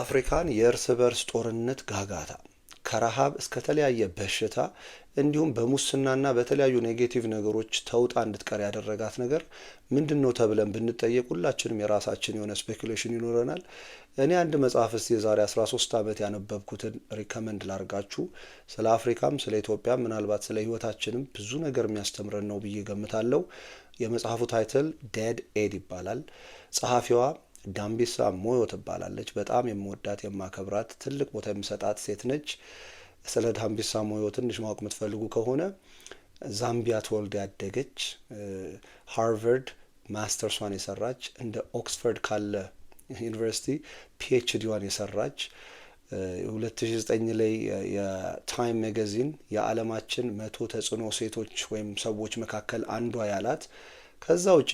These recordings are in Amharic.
አፍሪካን የእርስ በርስ ጦርነት ጋጋታ ከረሃብ እስከ ተለያየ በሽታ እንዲሁም በሙስናና በተለያዩ ኔጌቲቭ ነገሮች ተውጣ እንድትቀር ያደረጋት ነገር ምንድን ነው ተብለን ብንጠየቅ ሁላችንም የራሳችን የሆነ ስፔኩሌሽን ይኖረናል። እኔ አንድ መጽሐፍ እስቲ የዛሬ 13 ዓመት ያነበብኩትን ሪከመንድ ላርጋችሁ። ስለ አፍሪካም ስለ ኢትዮጵያ ምናልባት ስለ ሕይወታችንም ብዙ ነገር የሚያስተምረን ነው ብዬ ገምታለሁ። የመጽሐፉ ታይትል ዴድ ኤድ ይባላል። ጸሐፊዋ ጋምቢሳ ሞዮ ትባላለች። በጣም የምወዳት የማከብራት፣ ትልቅ ቦታ የምሰጣት ሴት ነች። ስለ ጋምቢሳ ሞዮ ትንሽ ማወቅ የምትፈልጉ ከሆነ ዛምቢያ ትወልድ ያደገች ሃርቨርድ ማስተርሷን የሰራች እንደ ኦክስፈርድ ካለ ዩኒቨርሲቲ ፒኤችዲዋን የሰራች 2009 ላይ የታይም ማጋዚን የዓለማችን መቶ ተጽዕኖ ሴቶች ወይም ሰዎች መካከል አንዷ ያላት ከዛ ውጪ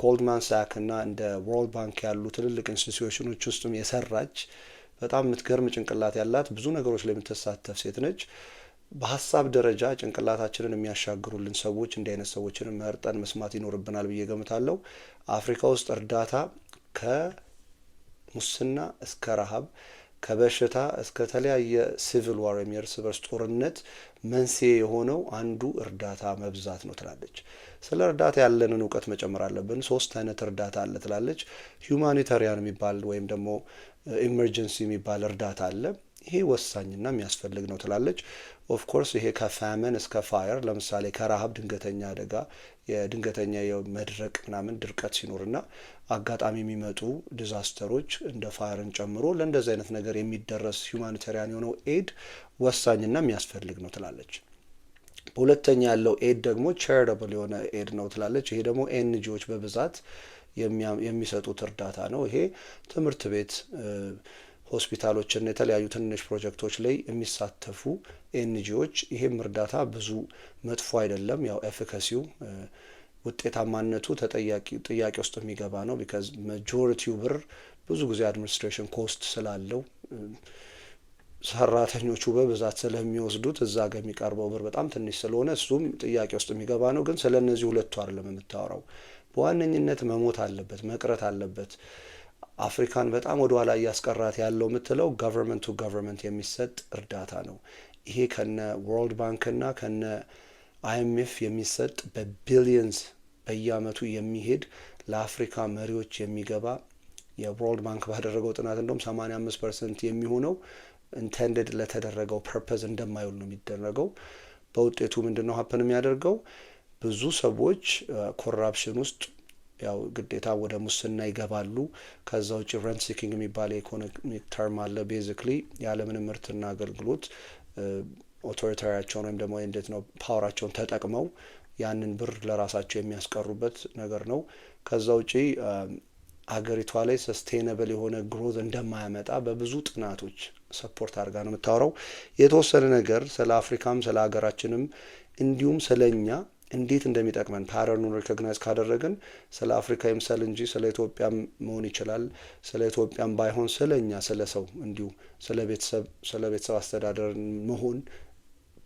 ጎልድማን ሳክ እና እንደ ወርልድ ባንክ ያሉ ትልልቅ ኢንስቲትዩሽኖች ውስጥም የሰራች በጣም የምትገርም ጭንቅላት ያላት ብዙ ነገሮች ላይ የምትሳተፍ ሴት ነች። በሀሳብ ደረጃ ጭንቅላታችንን የሚያሻግሩልን ሰዎች እንዲህ አይነት ሰዎችን መርጠን መስማት ይኖርብናል ብዬ ገምታለሁ። አፍሪካ ውስጥ እርዳታ ከሙስና እስከ ረሃብ ከበሽታ እስከ ተለያየ ሲቪል ዋር ወይም የእርስ በርስ ጦርነት መንስኤ የሆነው አንዱ እርዳታ መብዛት ነው ትላለች። ስለ እርዳታ ያለንን እውቀት መጨመር አለብን። ሶስት አይነት እርዳታ አለ ትላለች። ሁማኒታሪያን የሚባል ወይም ደግሞ ኢመርጀንሲ የሚባል እርዳታ አለ። ይሄ ወሳኝና የሚያስፈልግ ነው ትላለች። ኦፍኮርስ ይሄ ከፋመን እስከ ፋየር ለምሳሌ ከረሃብ ድንገተኛ አደጋ የድንገተኛ የመድረቅ ምናምን ድርቀት ሲኖርና አጋጣሚ የሚመጡ ዲዛስተሮች እንደ ፋየርን ጨምሮ ለእንደዚህ አይነት ነገር የሚደረስ ሁማኒታሪያን የሆነው ኤድ ወሳኝና የሚያስፈልግ ነው ትላለች። በሁለተኛ ያለው ኤድ ደግሞ ቻሪታብል የሆነ ኤድ ነው ትላለች። ይሄ ደግሞ ኤንጂዎች በብዛት የሚሰጡት እርዳታ ነው። ይሄ ትምህርት ቤት ሆስፒታሎችና የተለያዩ ትንሽ ፕሮጀክቶች ላይ የሚሳተፉ ኤንጂዎች ይሄም እርዳታ ብዙ መጥፎ አይደለም። ያው ኤፊካሲው ውጤታማነቱ ተጠያቂ ጥያቄ ውስጥ የሚገባ ነው። ቢካዝ መጆሪቲው ብር ብዙ ጊዜ አድሚኒስትሬሽን ኮስት ስላለው ሰራተኞቹ በብዛት ስለሚወስዱት እዛ ጋ የሚቀርበው ብር በጣም ትንሽ ስለሆነ እሱም ጥያቄ ውስጥ የሚገባ ነው። ግን ስለ እነዚህ ሁለቱ አይደለም የምታወራው። በዋነኝነት መሞት አለበት መቅረት አለበት አፍሪካን በጣም ወደ ኋላ እያስቀራት ያለው የምትለው ጋቨርንመንት ቱ ጋቨርንመንት የሚሰጥ እርዳታ ነው። ይሄ ከነ ወርልድ ባንክና ከነ አይኤምኤፍ የሚሰጥ በቢሊየንስ በየአመቱ የሚሄድ ለአፍሪካ መሪዎች የሚገባ የወርልድ ባንክ ባደረገው ጥናት እንደውም 85 ፐርሰንት የሚሆነው ኢንቴንደድ ለተደረገው ፐርፐዝ እንደማይውል ነው የሚደረገው። በውጤቱ ምንድነው ነው ሀፕን የሚያደርገው ብዙ ሰዎች ኮራፕሽን uh, ውስጥ ያው ግዴታ ወደ ሙስና ይገባሉ። ከዛ ውጭ ረንት ሲኪንግ የሚባል የኢኮኖሚክ ተርም አለ። ቤዚክሊ ያለምንም ምርትና አገልግሎት ኦቶሪታሪያቸውን ወይም ደግሞ እንዴት ነው ፓወራቸውን ተጠቅመው ያንን ብር ለራሳቸው የሚያስቀሩበት ነገር ነው። ከዛ ውጪ ሀገሪቷ ላይ ሰስቴናብል የሆነ ግሮዝ እንደማያመጣ በብዙ ጥናቶች ሰፖርት አድርጋ ነው የምታወራው። የተወሰነ ነገር ስለ አፍሪካም ስለ ሀገራችንም እንዲሁም ስለ እኛ እንዴት እንደሚጠቅመን ፓረኑን ሪኮግናይዝ ካደረግን ስለ አፍሪካ ይምሰል እንጂ ስለ ኢትዮጵያም መሆን ይችላል። ስለ ኢትዮጵያም ባይሆን ስለ እኛ ስለ ሰው እንዲሁ ስለ ቤተሰብ ስለ ቤተሰብ አስተዳደር መሆን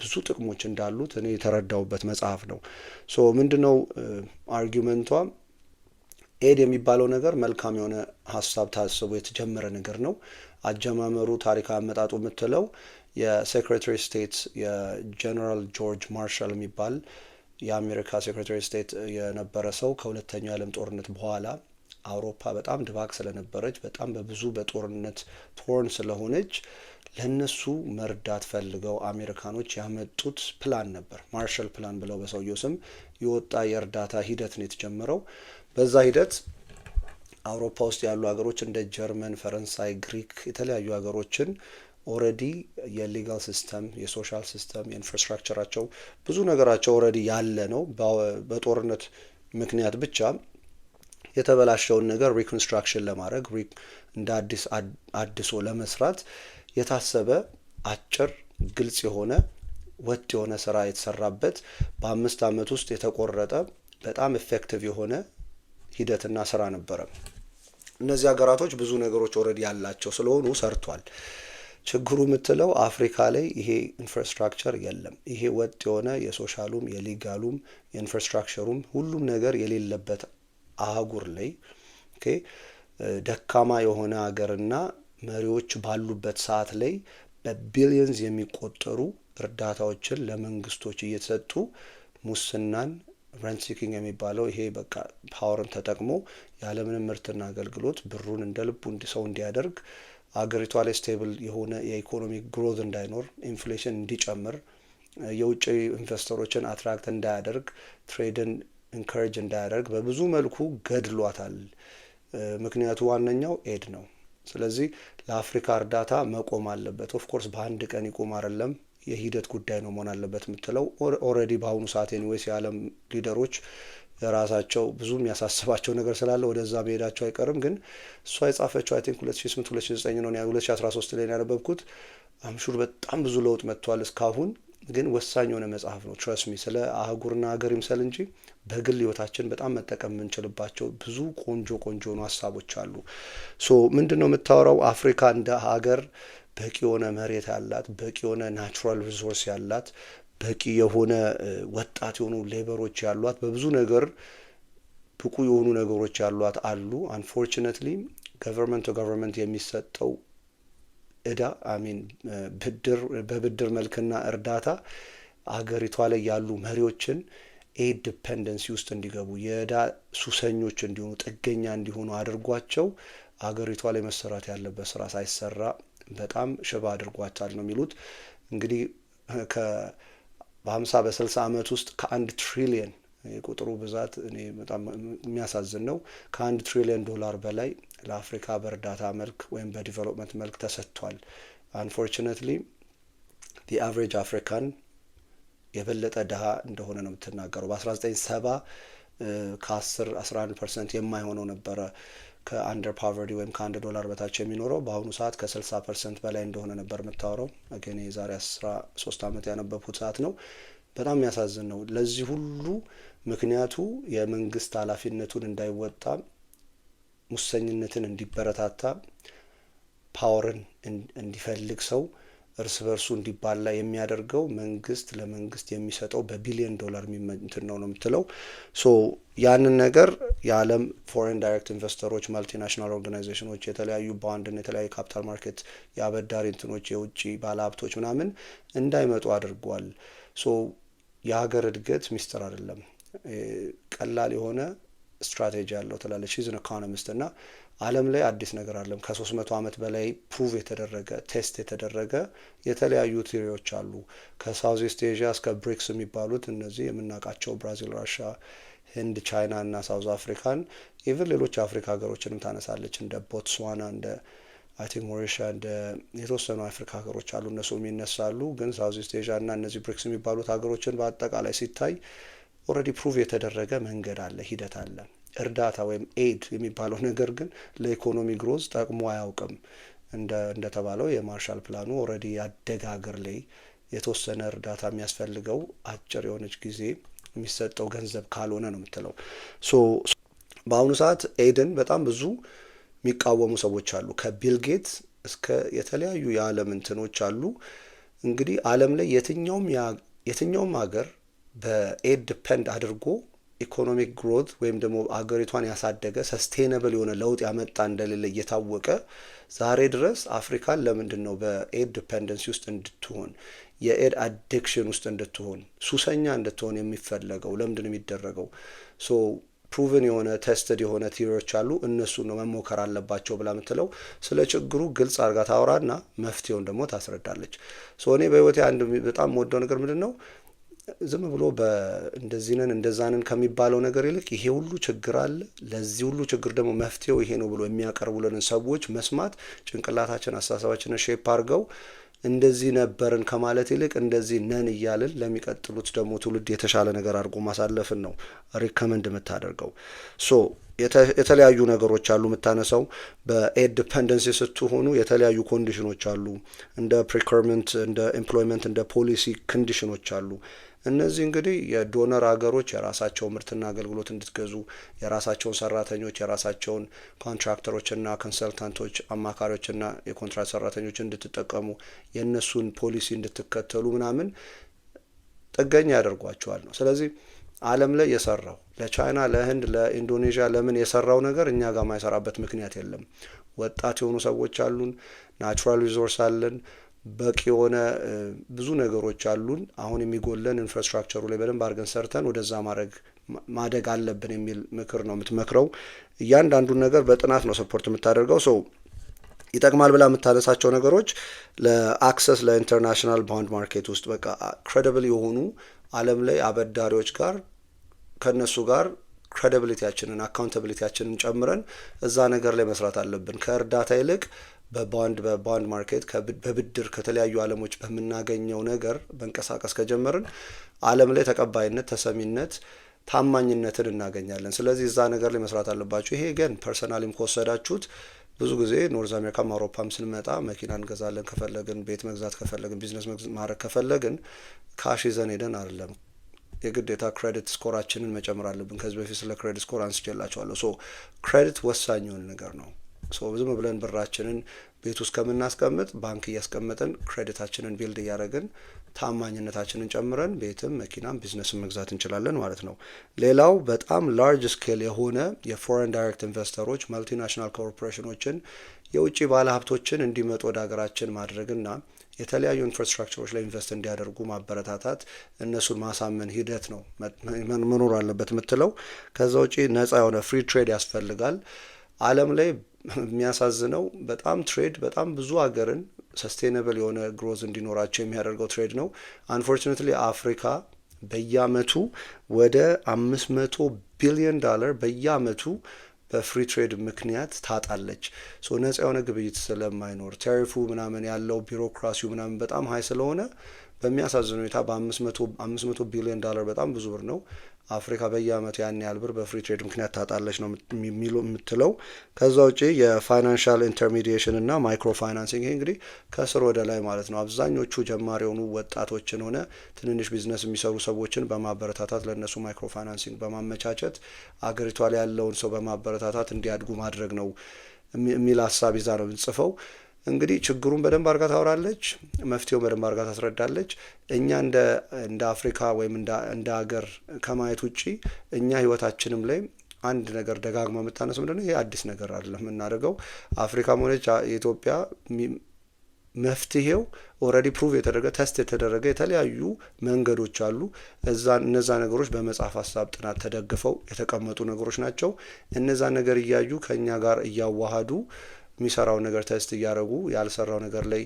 ብዙ ጥቅሞች እንዳሉት እኔ የተረዳውበት መጽሐፍ ነው። ሶ ምንድ ነው አርጊመንቷ? ኤድ የሚባለው ነገር መልካም የሆነ ሀሳብ ታስቦ የተጀመረ ነገር ነው። አጀማመሩ ታሪክ አመጣጡ የምትለው የሴክሬታሪ ስቴት የጀነራል ጆርጅ ማርሻል የሚባል የአሜሪካ ሴክሬታሪ ስቴት የነበረ ሰው ከሁለተኛው የዓለም ጦርነት በኋላ አውሮፓ በጣም ድባቅ ስለነበረች በጣም በብዙ በጦርነት ቶርን ስለሆነች ለነሱ መርዳት ፈልገው አሜሪካኖች ያመጡት ፕላን ነበር። ማርሻል ፕላን ብለው በሰውየው ስም የወጣ የእርዳታ ሂደት ነው የተጀመረው። በዛ ሂደት አውሮፓ ውስጥ ያሉ ሀገሮች እንደ ጀርመን፣ ፈረንሳይ፣ ግሪክ የተለያዩ ሀገሮችን ኦረዲ የሊጋል ሲስተም የሶሻል ሲስተም የኢንፍራስትራክቸራቸው ብዙ ነገራቸው ኦረዲ ያለ ነው። በጦርነት ምክንያት ብቻ የተበላሸውን ነገር ሪኮንስትራክሽን ለማድረግ እንደ አዲስ አድሶ ለመስራት የታሰበ አጭር፣ ግልጽ የሆነ ወጥ የሆነ ስራ የተሰራበት በአምስት ዓመት ውስጥ የተቆረጠ በጣም ኤፌክቲቭ የሆነ ሂደትና ስራ ነበረ። እነዚህ ሀገራቶች ብዙ ነገሮች ኦረዲ ያላቸው ስለሆኑ ሰርቷል። ችግሩ የምትለው አፍሪካ ላይ ይሄ ኢንፍራስትራክቸር የለም። ይሄ ወጥ የሆነ የሶሻሉም የሊጋሉም የኢንፍራስትራክቸሩም ሁሉም ነገር የሌለበት አህጉር ላይ ኦኬ ደካማ የሆነ ሀገርና መሪዎች ባሉበት ሰዓት ላይ በቢሊየንስ የሚቆጠሩ እርዳታዎችን ለመንግስቶች እየተሰጡ ሙስናን ረንት ሲኪንግ የሚባለው ይሄ በቃ ፓወርን ተጠቅሞ ያለምንም ምርትና አገልግሎት ብሩን እንደ ልቡ ሰው እንዲያደርግ አገሪቷ ላይ ስቴብል የሆነ የኢኮኖሚ ግሮዝ እንዳይኖር፣ ኢንፍሌሽን እንዲጨምር፣ የውጭ ኢንቨስተሮችን አትራክት እንዳያደርግ፣ ትሬድን ኢንካሬጅ እንዳያደርግ በብዙ መልኩ ገድሏታል። ምክንያቱ ዋነኛው ኤድ ነው። ስለዚህ ለአፍሪካ እርዳታ መቆም አለበት። ኦፍኮርስ በአንድ ቀን ይቆም አይደለም የሂደት ጉዳይ ነው መሆን አለበት የምትለው ኦልሬዲ በአሁኑ ሰዓት ኒዌስ የዓለም ሊደሮች ራሳቸው ብዙ የሚያሳስባቸው ነገር ስላለ ወደዛ መሄዳቸው አይቀርም። ግን እሷ የጻፈችው አይ ቲንክ 2008 2009 ነው። 2013 ላይ ያነበብኩት አምሹር በጣም ብዙ ለውጥ መጥቷል። እስካሁን ግን ወሳኝ የሆነ መጽሐፍ ነው። ትረስሚ ስለ አህጉርና ሀገር ይምሰል እንጂ በግል ህይወታችን በጣም መጠቀም የምንችልባቸው ብዙ ቆንጆ ቆንጆ ሆኑ ሀሳቦች አሉ። ሶ ምንድን ነው የምታወራው? አፍሪካ እንደ ሀገር በቂ የሆነ መሬት ያላት፣ በቂ የሆነ ናቹራል ሪሶርስ ያላት፣ በቂ የሆነ ወጣት የሆኑ ሌበሮች ያሏት በብዙ ነገር ብቁ የሆኑ ነገሮች ያሏት አሉ። አንፎርችነትሊ ገቨርንመንት ገቨርንመንት የሚሰጠው እዳ አሚን ብድር በብድር መልክና እርዳታ አገሪቷ ላይ ያሉ መሪዎችን ኤድ ዲፐንደንሲ ውስጥ እንዲገቡ የእዳ ሱሰኞች እንዲሆኑ ጥገኛ እንዲሆኑ አድርጓቸው አገሪቷ ላይ መሰራት ያለበት ስራ ሳይሰራ በጣም ሽባ አድርጓታል ነው የሚሉት እንግዲህ በ50 በ60 ዓመት ውስጥ ከአንድ ትሪሊየን የቁጥሩ ብዛት እኔ በጣም የሚያሳዝን ነው። ከአንድ ትሪሊየን ዶላር በላይ ለአፍሪካ በእርዳታ መልክ ወይም በዲቨሎፕመንት መልክ ተሰጥቷል። አንፎርችነትሊ ዲ አቨሬጅ አፍሪካን የበለጠ ድሀ እንደሆነ ነው የምትናገረው። በ1970 ከ10 11 ፐርሰንት የማይሆነው ነበረ ከአንደር ፓቨርቲ ወይም ከአንድ ዶላር በታች የሚኖረው በአሁኑ ሰዓት ከ60 ፐርሰንት በላይ እንደሆነ ነበር የምታወረው ግን የዛሬ 13 ዓመት ያነበብኩት ሰዓት ነው። በጣም የሚያሳዝን ነው። ለዚህ ሁሉ ምክንያቱ የመንግስት ኃላፊነቱን እንዳይወጣ፣ ሙሰኝነትን እንዲበረታታ፣ ፓወርን እንዲፈልግ ሰው እርስ በርሱ እንዲባላ የሚያደርገው መንግስት ለመንግስት የሚሰጠው በቢሊዮን ዶላር እንትን ነው ነው የምትለው። ሶ ያንን ነገር የዓለም ፎሬን ዳይሬክት ኢንቨስተሮች፣ ማልቲናሽናል ኦርጋናይዜሽኖች፣ የተለያዩ ባንድና የተለያዩ ካፒታል ማርኬት የአበዳሪ እንትኖች፣ የውጭ ባለሀብቶች ምናምን እንዳይመጡ አድርጓል። ሶ የሀገር እድገት ሚስጥር አይደለም። ቀላል የሆነ ስትራቴጂ አለው ትላለች። ሺዝን ኢኮኖሚስት እና አለም ላይ አዲስ ነገር አለም ከ300 ዓመት በላይ ፕሩቭ የተደረገ ቴስት የተደረገ የተለያዩ ቲሪዎች አሉ። ከሳውዝ ኢስት ኤዥያ እስከ ብሪክስ የሚባሉት እነዚህ የምናውቃቸው ብራዚል፣ ራሻ፣ ህንድ፣ ቻይና እና ሳውዝ አፍሪካን ኢቨን ሌሎች አፍሪካ ሀገሮችንም ታነሳለች እንደ ቦትስዋና እንደ አይ ቲንክ ሞሪሻ እንደ የተወሰኑ አፍሪካ ሀገሮች አሉ። እነሱም ይነሳሉ። ግን ሳውዝ ኢስት ኤዥያ እና እነዚህ ብሪክስ የሚባሉት ሀገሮችን በአጠቃላይ ሲታይ ኦልሬዲ ፕሩቭ የተደረገ መንገድ አለ፣ ሂደት አለ። እርዳታ ወይም ኤድ የሚባለው ነገር ግን ለኢኮኖሚ ግሮዝ ጠቅሞ አያውቅም። እንደተባለው የማርሻል ፕላኑ ኦልሬዲ ያደገ ሀገር ላይ የተወሰነ እርዳታ የሚያስፈልገው አጭር የሆነች ጊዜ የሚሰጠው ገንዘብ ካልሆነ ነው የምትለው። ሶ በአሁኑ ሰዓት ኤድን በጣም ብዙ የሚቃወሙ ሰዎች አሉ። ከቢል እስከ የተለያዩ የዓለም እንትኖች አሉ። እንግዲህ ዓለም ላይ የትኛውም የትኛውም ሀገር በኤድ ዲፐንድ አድርጎ ኢኮኖሚክ ግሮት ወይም ደግሞ አገሪቷን ያሳደገ ሰስቴነብል የሆነ ለውጥ ያመጣ እንደሌለ እየታወቀ ዛሬ ድረስ አፍሪካን ለምንድን ነው በኤድ ዲፐንደንሲ ውስጥ እንድትሆን የኤድ አዲክሽን ውስጥ እንድትሆን ሱሰኛ እንድትሆን የሚፈለገው? ለምንድን ነው የሚደረገው? ሶ ፕሩቭን የሆነ ቴስትድ የሆነ ቲዎሪዎች አሉ። እነሱ ነው መሞከር አለባቸው ብላ የምትለው ስለ ችግሩ ግልጽ አድርጋ ታወራና መፍትሄውን ደግሞ ታስረዳለች። ሶ እኔ በህይወቴ አንድ በጣም ወደው ነገር ምንድን ነው ዝም ብሎ እንደዚህ ነን እንደዛ ነን ከሚባለው ነገር ይልቅ ይሄ ሁሉ ችግር አለ፣ ለዚህ ሁሉ ችግር ደግሞ መፍትሄው ይሄ ነው ብሎ የሚያቀርቡልንን ሰዎች መስማት ጭንቅላታችን አስተሳሰባችንን ሼፕ አድርገው እንደዚህ ነበርን ከማለት ይልቅ እንደዚህ ነን እያልን ለሚቀጥሉት ደግሞ ትውልድ የተሻለ ነገር አድርጎ ማሳለፍን ነው ሪከመንድ የምታደርገው። ሶ የተለያዩ ነገሮች አሉ የምታነሳው። በኤድ ዲፐንደንሲ ስትሆኑ የተለያዩ ኮንዲሽኖች አሉ፣ እንደ ፕሪኮርመንት፣ እንደ ኤምፕሎይመንት፣ እንደ ፖሊሲ ኮንዲሽኖች አሉ። እነዚህ እንግዲህ የዶነር ሀገሮች የራሳቸው ምርትና አገልግሎት እንድትገዙ የራሳቸውን ሰራተኞች የራሳቸውን ኮንትራክተሮችና ኮንሰልታንቶች አማካሪዎችና የኮንትራት ሰራተኞች እንድትጠቀሙ የእነሱን ፖሊሲ እንድትከተሉ ምናምን ጥገኛ ያደርጓቸዋል ነው። ስለዚህ ዓለም ላይ የሰራው ለቻይና፣ ለህንድ፣ ለኢንዶኔዥያ ለምን የሰራው ነገር እኛ ጋር ማይሰራበት ምክንያት የለም። ወጣት የሆኑ ሰዎች አሉን፣ ናቹራል ሪዞርስ አለን በቂ የሆነ ብዙ ነገሮች አሉን። አሁን የሚጎለን ኢንፍራስትራክቸሩ ላይ በደንብ አድርገን ሰርተን ወደዛ ማድረግ ማደግ አለብን የሚል ምክር ነው የምትመክረው። እያንዳንዱን ነገር በጥናት ነው ሰፖርት የምታደርገው ሰው ይጠቅማል ብላ የምታነሳቸው ነገሮች ለአክሰስ ለኢንተርናሽናል ባንድ ማርኬት ውስጥ በቃ ክሬዲብል የሆኑ ዓለም ላይ አበዳሪዎች ጋር ከእነሱ ጋር ክሬዲብሊቲያችንን አካውንታብሊቲያችንን ጨምረን እዛ ነገር ላይ መስራት አለብን ከእርዳታ ይልቅ በቦንድ በቦንድ ማርኬት በብድር ከተለያዩ ዓለሞች በምናገኘው ነገር መንቀሳቀስ ከጀመርን ዓለም ላይ ተቀባይነት፣ ተሰሚነት፣ ታማኝነትን እናገኛለን። ስለዚህ እዛ ነገር ላይ መስራት አለባችሁ። ይሄ ግን ፐርሰናሊም ከወሰዳችሁት ብዙ ጊዜ ኖርዝ አሜሪካም አውሮፓም ስንመጣ መኪና እንገዛለን ከፈለግን፣ ቤት መግዛት ከፈለግን፣ ቢዝነስ ማድረግ ከፈለግን ካሽ ይዘን ሄደን አይደለም የግዴታ ክሬዲት ስኮራችንን መጨመር አለብን። ከዚህ በፊት ስለ ክሬዲት ስኮር አንስቼላቸዋለሁ። ሶ ክሬዲት ወሳኝ የሆነ ነገር ነው። ዝም ብለን ብራችንን ቤት ውስጥ ከምናስቀምጥ ባንክ እያስቀመጠን ክሬዲታችንን ቢልድ እያደረግን ታማኝነታችንን ጨምረን ቤትም መኪናም ቢዝነስን መግዛት እንችላለን ማለት ነው። ሌላው በጣም ላርጅ ስኬል የሆነ የፎሬን ዳይሬክት ኢንቨስተሮች ማልቲናሽናል ኮርፖሬሽኖችን የውጭ ባለሀብቶችን እንዲመጡ ወደ ሀገራችን ማድረግና የተለያዩ ኢንፍራስትራክቸሮች ላይ ኢንቨስት እንዲያደርጉ ማበረታታት እነሱን ማሳመን ሂደት ነው መኖር አለበት የምትለው። ከዛ ውጪ ነጻ የሆነ ፍሪ ትሬድ ያስፈልጋል ዓለም ላይ የሚያሳዝነው በጣም ትሬድ በጣም ብዙ ሀገርን ሰስቴናብል የሆነ ግሮዝ እንዲኖራቸው የሚያደርገው ትሬድ ነው። አንፎርቹኔትሊ አፍሪካ በየአመቱ ወደ አምስት መቶ ቢሊዮን ዳለር በየአመቱ በፍሪ ትሬድ ምክንያት ታጣለች። ሶ ነጻ የሆነ ግብይት ስለማይኖር ታሪፉ ምናምን ያለው ቢሮክራሲው ምናምን በጣም ሀይ ስለሆነ በሚያሳዝን ሁኔታ በአምስት መቶ ቢሊዮን ዳለር በጣም ብዙ ብር ነው አፍሪካ በየአመቱ ያን ያህል ብር በፍሪ ትሬድ ምክንያት ታጣለች ነው የምትለው። ከዛ ውጪ የፋይናንሻል ኢንተርሚዲሽን እና ማይክሮ ፋይናንሲንግ እንግዲህ ከስር ወደ ላይ ማለት ነው። አብዛኞቹ ጀማሪ የሆኑ ወጣቶችን ሆነ ትንንሽ ቢዝነስ የሚሰሩ ሰዎችን በማበረታታት ለእነሱ ማይክሮ ፋይናንሲንግ በማመቻቸት አገሪቷ ላይ ያለውን ሰው በማበረታታት እንዲያድጉ ማድረግ ነው የሚል ሀሳብ ይዛ ነው የምንጽፈው። እንግዲህ ችግሩን በደንብ አርጋ ታወራለች፣ መፍትሄው በደንብ አርጋ ታስረዳለች። እኛ እንደ አፍሪካ ወይም እንደ ሀገር ከማየት ውጪ እኛ ህይወታችንም ላይ አንድ ነገር ደጋግማ የምታነስ ምንድነው? ይሄ አዲስ ነገር አይደለም የምናደርገው። አፍሪካም ሆነች የኢትዮጵያ መፍትሄው ኦልሬዲ ፕሩቭ የተደረገ ተስት የተደረገ የተለያዩ መንገዶች አሉ። እዛ እነዛ ነገሮች በመጽሐፍ ሀሳብ ጥናት ተደግፈው የተቀመጡ ነገሮች ናቸው። እነዛ ነገር እያዩ ከእኛ ጋር እያዋሃዱ የሚሰራው ነገር ተስት እያደረጉ ያልሰራው ነገር ላይ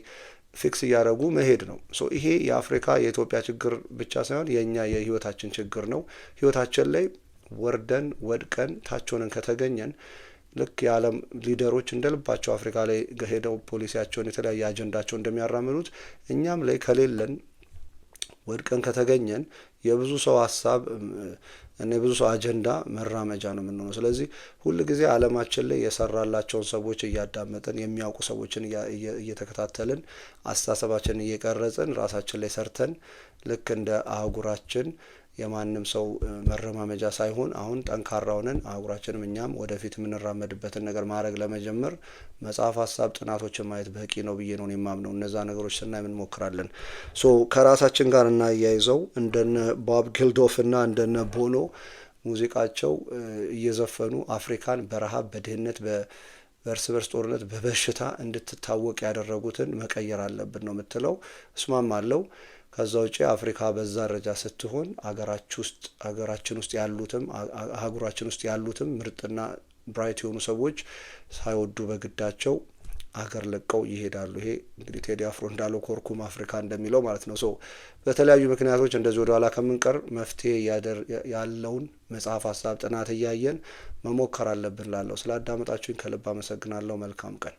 ፊክስ እያደረጉ መሄድ ነው። ሶ ይሄ የአፍሪካ የኢትዮጵያ ችግር ብቻ ሳይሆን የእኛ የህይወታችን ችግር ነው። ህይወታችን ላይ ወርደን ወድቀን ታች ሆነን ከተገኘን ልክ የዓለም ሊደሮች እንደ ልባቸው አፍሪካ ላይ ሄደው ፖሊሲያቸውን የተለያየ አጀንዳቸው እንደሚያራምዱት እኛም ላይ ከሌለን ወድቀን ከተገኘን የብዙ ሰው ሀሳብ እና የብዙ ሰው አጀንዳ መራመጃ ነው የምንሆነው። ስለዚህ ሁል ጊዜ አለማችን ላይ የሰራላቸውን ሰዎች እያዳመጥን የሚያውቁ ሰዎችን እየተከታተልን አስተሳሰባችንን እየቀረጽን ራሳችን ላይ ሰርተን ልክ እንደ አህጉራችን የማንም ሰው መረማመጃ ሳይሆን አሁን ጠንካራውንን አህጉራችንም እኛም ወደፊት የምንራመድበትን ነገር ማድረግ ለመጀመር መጽሐፍ ሀሳብ ጥናቶችን ማየት በቂ ነው ብዬ ነው የማምነው። እነዛ ነገሮች ስናይ እንሞክራለን። ሶ ከራሳችን ጋር እናያይዘው እንደነ ባብ ጊልዶፍ እና እንደነ ቦኖ ሙዚቃቸው እየዘፈኑ አፍሪካን በረሃብ፣ በድህነት፣ በእርስ በርስ ጦርነት፣ በበሽታ እንድትታወቅ ያደረጉትን መቀየር አለብን ነው የምትለው። እስማማለሁ። ከዛ ውጪ አፍሪካ በዛ ደረጃ ስትሆን አገራችን ውስጥ አገራችን ውስጥ ያሉትም አህጉራችን ውስጥ ያሉትም ምርጥና ብራይት የሆኑ ሰዎች ሳይወዱ በግዳቸው አገር ለቀው ይሄዳሉ። ይሄ እንግዲህ ቴዲ አፍሮ እንዳለው ኮርኩም አፍሪካ እንደሚለው ማለት ነው። ሰው በተለያዩ ምክንያቶች እንደዚህ ወደ ኋላ ከምንቀር መፍትሄ ያለውን መጽሐፍ ሀሳብ ጥናት እያየን መሞከር አለብን ላለው ስለ አዳመጣችሁኝ ከልብ አመሰግናለሁ። መልካም ቀን